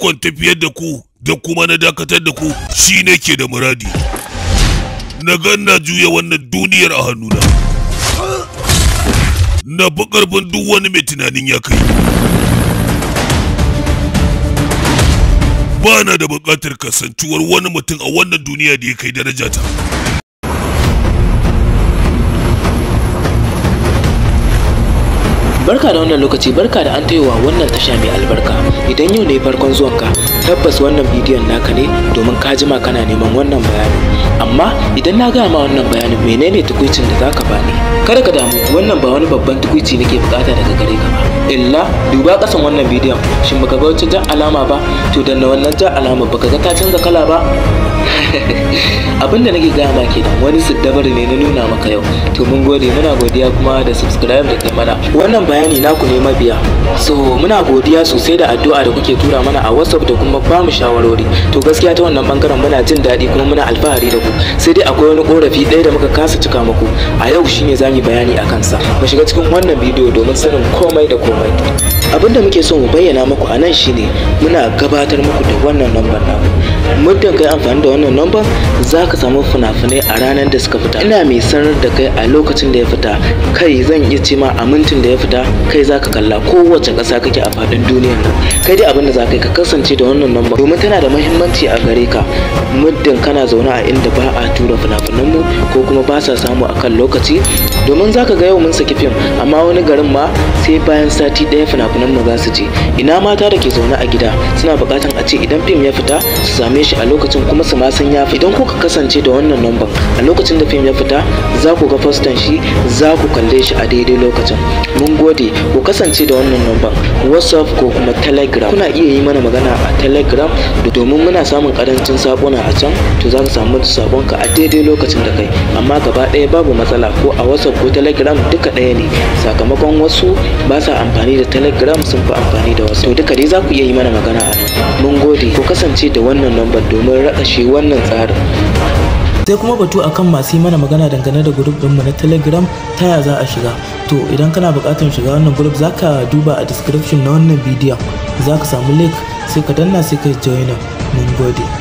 ikon tafiyar da ku da kuma na dakatar da ku shi nake da muradi na ganna juya wannan duniyar a hannuna na fi ƙarfin duk wani mai tunanin ya kai ba na da buƙatar kasancewar wani mutum a wannan duniya da ya kai darajata. ta barka da wannan lokaci barka da an taiwa wannan tasha mai albarka idan yau ne farkon zuwanka tabbas wannan bidiyon naka ne domin ka jima kana neman wannan bayanin amma idan na gaya ma wannan bayanin menene tukuicin da zaka bani kada ka damu wannan ba wani babban tukuici nake bukata daga gare ka ba illa duba kasan wannan bidiyon shin baka ga wata jan alama ba to danna wannan jan alama baka ga ta canza kala ba abinda nake gaya ma kenan wani siddabar ne na nuna maka yau to mun gode muna godiya kuma da subscribe da kai mana wannan bayani naku ne mabiya so muna godiya sosai da addu'a da kuke tura mana a whatsapp da kuma kuma ba mu shawarwari to gaskiya ta wannan bangaren muna jin daɗi kuma muna alfahari da ku sai dai akwai wani korafi ɗaya da muka kasa cika muku a yau shine za mu bayani a kansa mu shiga cikin wannan bidiyo domin sanin komai da komai abin da muke so mu bayyana muku a nan shine muna gabatar muku da wannan lambar namu ka kai amfani da wannan number za ka samu fina-finai a ranar da suka fita ina mai sanar da kai a lokacin da ya fita kai zan iya ce ma a mintin da ya fita kai za ka kalla kowace kasa kake a faɗin duniya nan kai dai abin da za ka yi ka kasance da wannan number domin tana da mahimmanci a gare ka muddin kana zaune a inda ba a tura fina-finanmu ko kuma ba sa samu a kan lokaci domin za ka ga yau mun saki fim amma wani garin ma sai bayan sati daya fina-finanmu za su je ina mata da ke zaune a gida suna bukatan a ce idan fim ya fita su same shi a lokacin kuma su ma sun yafi idan kuka kasance da wannan nomba. a lokacin da fim ya fita za ku ga fastan shi za ku kalle shi a daidai lokacin mun gode ku kasance da wannan nomba. whatsapp ko kuma telegram kuna iya yi mana magana a telegram domin muna samun karancin sakuna a can to za ka samu sabonka a daidai lokacin da kai amma gaba ɗaya babu matsala ko a whatsapp ko telegram duka ɗaya ne sakamakon wasu ba sa amfani da telegram sun fi amfani da wasu to duka dai za ku iya yi mana magana a nan mun gode ku kasance da wannan do. domin shi wannan tsarin sai kuma batu akan masu yi mana magana dangane da grup ɗinmu na telegram ta ya za a shiga to idan kana buƙatar shiga wannan grup za ka duba a description na wannan bidiyon za ka samu link sai ka danna sai ka joinin mun gode